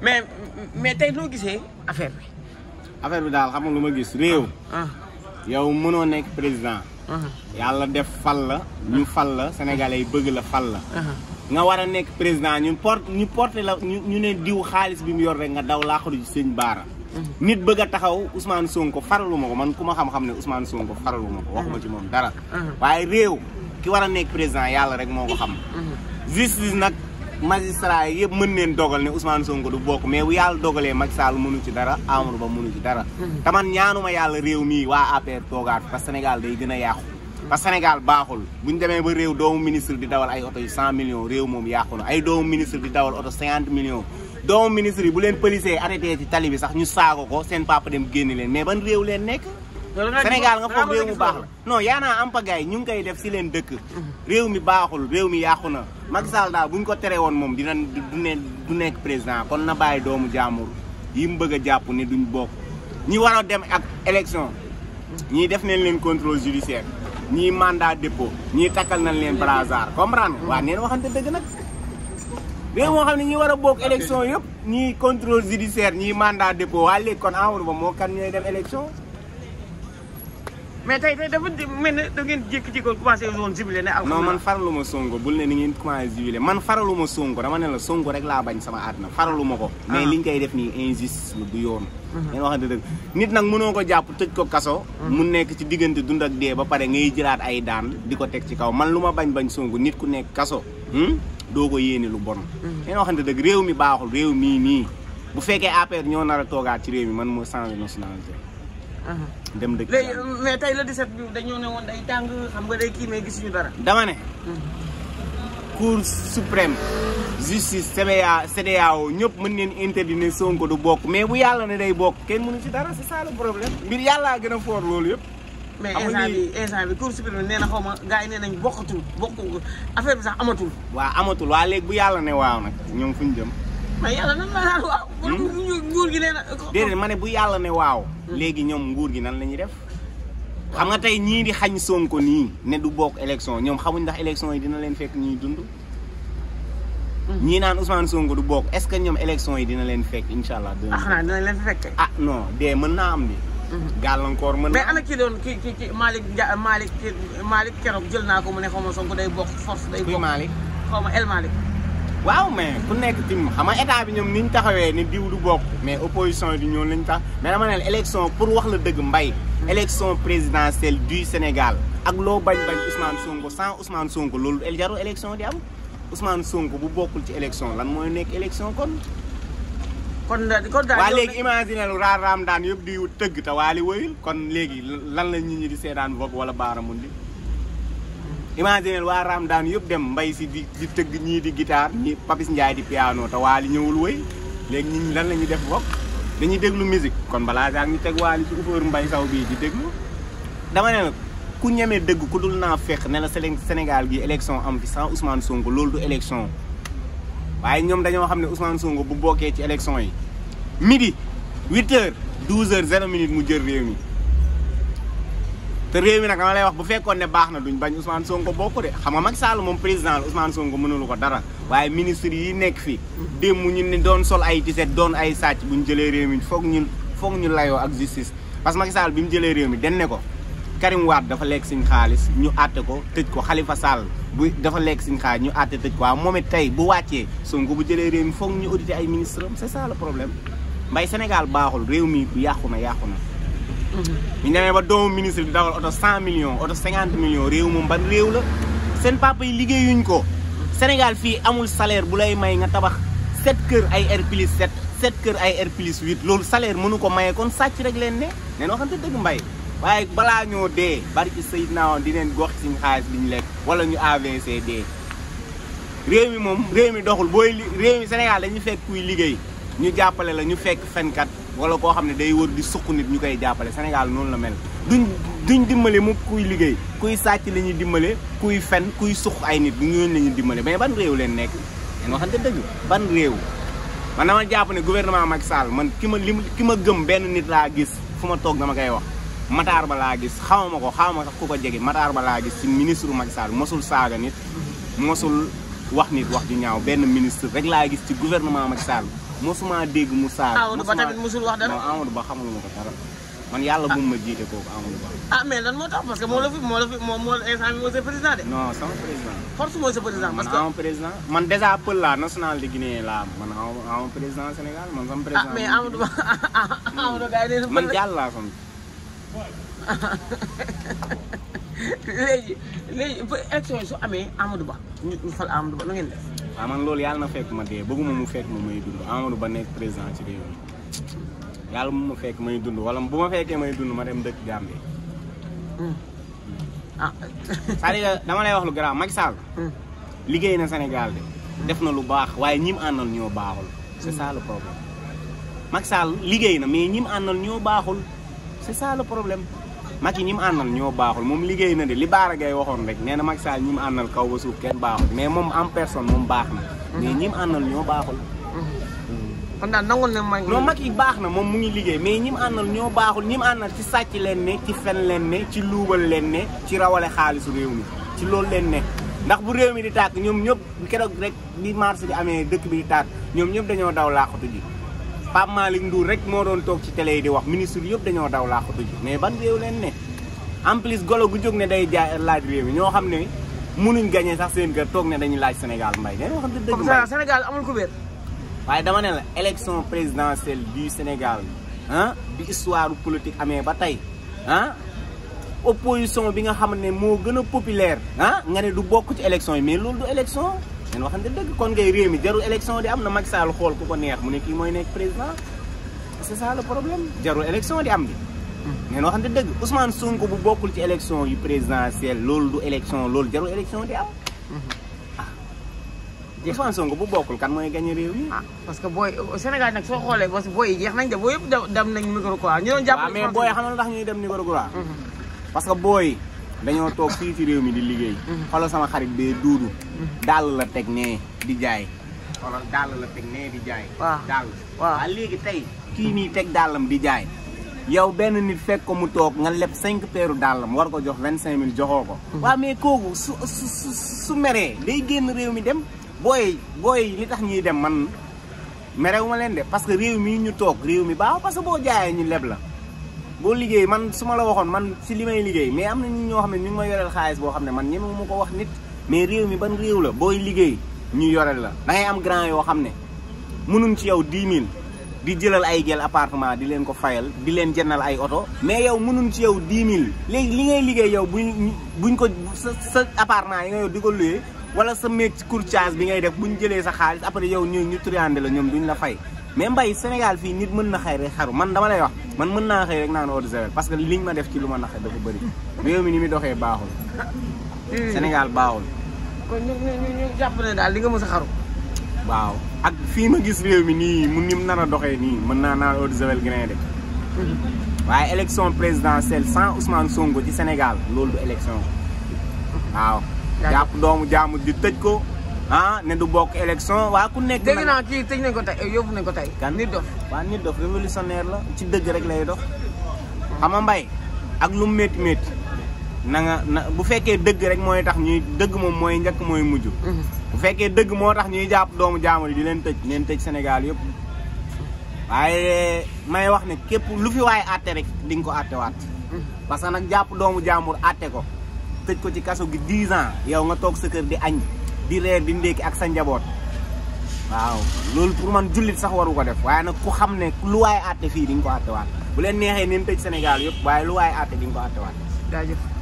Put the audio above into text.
mais mais tey noo gisee affaire bi. affaire bi daal xam nga lu ma gis réew. Ah. yow mënoo nekk président. Ah. yàlla def fal la. ñu fal la sénégalais yi bëgg la fal la. Ah. nga war a nekk président ñu porte ñu porté la ñu ne diw xaalis bi mu yor rek nga daw laaxaru ci sëñ baara. Mm-hmm. nit bëgg a taxaw Ousmane Sonko faralu ma ko man ku ma xam-xam ne Ousmane Sonko ko ma ko. waxuma mm-hmm. ci moom dara. Mm-hmm. waaye réew ki war a nekk président yàlla rek moo ko xam. justice nag. magistrat yi yëpp mën neen dogal ne Ousmane Sonko du bokk mais bu yàlla dogalee mag Sall mënu ci dara Amadou Ba mënu ci dara hmm. te man ñaanuma yàlla réew mi waa APR toogaat parce que Sénégal day gën a yàqu parce que Sénégal baaxul bu ñu demee ba réew doomu ministre di dawal ay oto yu cent millions réew moom yàqu na ay doomu ministre di dawal oto cinquante millions doomu ministre yi bu leen pëlisee arrêté ci tali bi sax ñu saago ko seen papa dem génne leen mais ban réew leen nekk Sénégal nga foog réew mi baax la non yaanaa ñu ngi koy def si leen dëkk réew mi baaxul réew mi yàqu na Macky Sall daal bu ñu ko tere woon moom dina du nekk président kon na bàyyi doomu jaamur yi mu bëgg a jàpp ne duñ bokk ñi war a dem ak élection ñii def nañ leen contrôle judiciaire ñii mandat dépôt ñii takal nañ leen brassard comprendre nga waaw neen waxante dëgg nag réew moo ne ñi war a bokk élection yëpp ñu contrôle judiciaire ñii mandat dépôt waa léegi kon Amadou Ba moo kan ñooy dem élection mais tey tey dafa mel ne da ngeen jékki-jékkoon commencé woon jubilé ne man faralu ma songo bul ne ni ngeen commencé jubilé man faralu ma songo dama ne la songo rek laa bañ sama àdduna faralu ma ko ah. mais liñ koy def nii injustice la du yoon leen mhm. waxante dëgg nit nag mënoo ko jàpp tëj ko kaso mhm. mu nekk ci diggante dund ak dee ba pare ngay jëlaat ay daan di ko teg ci kaw man lu ma bañ bañ songo nit ku nekk kaso hmm? doo ko yéene lu bon leen mhm. waxante dëgg réew mi baaxul réew mii nii bu fekkee APR ñoo nar a toogaat ci réew mi man moo changé nationalité dem dëkk léegi mais tey la 17 set dañoo ne woon day tàng xam nga day kii may gis ñu dara. dama ne. Mhm. cour suprême. justice CBA CEDEAO ñëpp mën ngeen interdire Sonko du bokk mais bu yàlla ne day bokk kenn mënu ci dara c'est ça le problème. mbir yàllaa gën a fort loolu yëpp. mais instant bi instant bi cour suprême nee na xaw ma gars yi nee nañ bokkatul bokk affaire bi sax amatul. waaw amatul waa léegi bu yàlla ne waaw nag ñoom fu ñu jëm. mais yàlla nan la naan waaw. nguur gi nee na. déedéet bu yàlla ne waaw. Hmm. léegi ñoom nguur gi nan la ñuy def. xam nga tey ñii di xañ Sonko nii ne du bokk élection ñoom xamuñ ndax élection yi dina leen fekk ñuy dund. Hmm. ñii naan Ousmane Sonko du bokk est-ce que ñoom élection yi dina leen fekk incha allah. ah dina leen ah, fekk. ah mën naa am de. Hmm. gàllankoor mën mais ana ki doon ki ki ki jël naa ko mu ne xaw ma Sonko day bokk force day. bokk kuy Malick El Malick. waaw mais ku nekk tim xam nga état bi ñoom niñ ñu taxawee ni diw du bokk mais opposition bi ñoom lañ tax mais dama ne élection pour wax la dëgg mbay élection présidentielle du Sénégal ak loo bañ bañ Ousmane Sonko sans Ousmane Sonko loolu jaru élection di am Ousmane Sonko bu bokkul ci élection lan mooy nekk élection kon. kon da kon da waa léegi imaginer lu raar raam daan yëpp di tëgg te waali wëyul kon léegi lan la nit ñi di seedaan bokk wala baaramundi. imaginer waa Ramadaan yëpp dem mbay si di di tëgg ñii di guitare ñii Papis Ndiaye di piano te Waly ñëwul wëy léegi ñun lan la ñuy def bokk dañuy déglu musique kon balaa sax ñu teg Waly ci ufóor mbay saw bii di déglu dama ne ku ñemee dëgg ku dul naa fekk ne la Sénégal bi élection am fi sans Ousmane Sonko loolu du élection waaye ñoom dañoo xam ne Ousmane Sonko bu bokkee ci élection yi midi 8 heures 12 heures mu jël réew te réew mi nag dama lay wax bu fekkoon ne baax na duñ bañ Ousmane Sonko ko de xam nga Macky Sall moom président la Ousmane Sonko mënulu ko dara waaye ministre yi nekk fi démb ñu ni doon sol ay tiset doon ay sàcc bu ñu jëlee réew mi foog ñu foog ñu layoo ak justice parce que Macky Sall bi mu jëlee réew mi den ne ko Karim waat dafa lekk siñ xaalis ñu àtte ko tëj ko xalifa Sall bu dafa lekk suñ xaalis ñu àtte tëj ko waaw moom it tey bu wàccee Sonko bu jëlee réew mi foog ñu audité ay ministre am c'est ça le problème mbay Sénégal baaxul réew mi yàqu na yàqu na Mm-hmm. ñu demee ba doomu ministre di dawal oto cent million oto cinquante millions réew moom ban réew la seen papa yi liggéeyuñ ko Sénégal fii amul salaire bu lay may nga tabax sept kër ay R plus sept sept kër ay R plus huit loolu salaire mënu ko maye kon sàcc rek leen ne neen waxante dëgg mbay waaye balaa ñoo dee barki sayid naawoon di leen gox siñ xaalis bi ñu lekk wala ñu AVC dee réew mi moom réew mi doxul booy réew mi Sénégal dañu fekk kuy liggéey ñu jàppale la ñu fekk fenkat wala koo xam ne day wër di suq nit ñu koy jàppale Sénégal noonu la mel duñ duñ dimbale mu kuy liggéey kuy sàcc la ñuy dimbale kuy fen kuy suq ay nit du ñooñu la ñuy dimbale mais ban réew leen nekk leen waxante dëgg ban réew man dama jàpp ne gouvernement mag Sall man ki ma li ki ma gëm benn nit laa gis fu ma toog dama koy wax Matar Ba laa gis xawma ko xawma sax ku ko jege Matar Ba laa gis ci ministre Macky Sall mosul saaga nit mosul wax nit wax ju ñaaw benn ministre rek laa gis ci gouvernement Macky Sall mosuma dégg mu saaga. Amadou Ba tamit mosul wax dara non Amadou Ba xamuluma ko dara. man yàlla bu ma jiite kooku Amadou Ba. ah mais moo tax parce que moo la fi moo la fi moo moo président de. man déjà pël laa nationalité guinéen laa man amoon président Sénégal man sama président. Ah, man jàll laa léegi léegi élection su amee Amadou Ba ñu fal Amadou Ba nu ngeen waaw ah, man loolu yàlla na fekk ma dee bëgguma mu fekk ma may dund Amadou Ba nekk président ci réew mi yàlla mu ma fekk may dund wala bu ma fekkee may dund ma dem dëkk Gambie. Hmm. Hmm. ah. cest dama lay wax lu garaaw Macky Sall. Hmm. liggéey na Sénégal de. def na lu baax waaye ñi mu àndal ñoo baaxul. c'est ça le problème Macky liggéey na mais ñi mu ñoo baaxul c'est ça le problème. Macky ñi mu àndal ñoo baaxul moom liggéey na de li Baara Gaye waxoon rek nee na Macky Sall ñi mu àndal kaw ba suuf kenn baaxul mais moom en personne moom baax na. Mhm. mais ñi mu àndal ñoo baaxul. Mhm. kon daal nangul ne Macky. non Macky baax na moom mu ngi liggéey mais ñi mu àndal ñoo baaxul ñi mu àndal ci sàcc leen ne ci fen leen ne ci luubal leen ne ci rawale xaalisu réew mi ci loolu leen ne. ndax bu réew mi di tàkk ñoom ñëpp keroog rek bi marché bi amee dëkk bi di tàkk ñoom ñëpp dañoo daw laaxatu ji Pape Malick Ndour rek moo doon toog ci tele yi di wax ministre yëpp dañoo daw laa ji mais ban réew leen ne en plus golo gu jóg ne day jaay laaj réew mi ñoo xam ne munuñ gañee sax seen kër toog ne dañuy laaj Sénégal mbay da xam ne dëgg mbay Sénégal amul ko wér waaye dama ne la élection présidentielle du Sénégal ah bi histoire politique amee ba tey ah opposition bi nga xam ne moo gën a populaire ah nga ne du bokk ci élection yi mais loolu du élection nañ waxante dëgg kon ngay réew mi jarul élection di am na Macky Sall xol ku ko neex mu ne ki moy nekk président c'est ça le problème jarul élection di am bi neen hmm. waxante dëgg Ousmane Sonko bu bokul ci élection yu présidentielle loolu du élection loolu jarul élection di am hmm. ah. Ousmane Sonko bu bokul kan moy gagner réew mi ah, parce que boy Sénégal nak so xolé boss boy jeex nañ de boy yëpp dem nañ micro quoi ñu doon japp mais boy xamal tax ñuy dem micro quoi hmm. parce que boy dañoo toog fii ci réew mi di liggéey. Mhm. xoolal sama xarit bee duudu. Mhm. dàll la teg nee di jaay. xoolal dàll la teg nee di jaay. waaw dàll léegi tey kii nii teg dàllam di jaay. yow benn nit fekk ko mu toog nga leb cinq peeru dàllam war ko jox vingt cinq mille joxoo ko. Mhm. waaw mais kooku su su meree day génn réew mi dem booy booy li tax ñuy dem man merewu ma leen de parce que réew mii ñu toog réew mi baax parce que boo jaayee ñu leb la. boo liggéey man su ma la waxoon man si li may liggéey mais am na ñi ñoo xam ne ñu ngi ma yoreel xaalis boo xam ne man ñeme mu ko wax nit mais réew mi ban réew la booy liggéey ñu yoreel la da ngay am grand yoo xam ne mënuñ ci yow 10 000 di jëlal ay gel appartement di leen ko fayal di leen jëndal ay oto mais yow mënuñ ci yow 10 000 léegi li ngay liggéey yow buñ buñ ko sa sa appartement yi nga yow di ko loué wala sa métier courtage bi ngay def buñ jëlee sa xaalis après yow ñooy ñu triandé la ñoom duñ la fay même bay Sénégal fi nit mën na xëy rek xaru man dama lay wax man mën na xëy rek nan ordre zero parce que liñ ma def ci luma naxé dafa bari réew mi ni mi doxé baaxul. Sénégal baaxul. kon ñu ñu ñu jàpp ne dal li nga mësa xaru. waaw ak fi ma gis réew mi ni mu nim nara doxé ni mën na nan ordre zero gëné de. waye élection présidentielle sans Ousmane Sonko ci Sénégal lolu élection. waaw jàpp doomu jaamu di tejj ko. ah ne du bokk élection waa ku nekk. dégg naa kii tëj nañ ko tey eh, yóbbu nañ ko tey. kan nit dof waa nit dof révolutionnaire la ci dëgg rek lay dox. xam mbay ak lu métti métti na nga na bu fekkee dëgg rek mooy tax ñuy dëgg moom mooy njëkk mooy mujj. Mhm. bu fekkee dëgg moo tax ñuy jàpp doomu jaamur di leen tëj leen tëj Sénégal yëpp. waaye may wax ne képp lu fi waaye àtte rek di nga ko àttewaat. Mhm. parce que nag jàpp doomu jaamur àtte ko tëj ko ci kaso gi 10 ans yow nga toog sa kër di añ. di reer di ndékki ak sa njaboot waaw loolu pour man jullit sax waru ko def waaye nag ku xam ne lu waay àtte fii di ko ko àttewaat bu leen neexee neen tëj Sénégal yëpp waaye lu waaye àtte di nga ko àttewaat jaajëf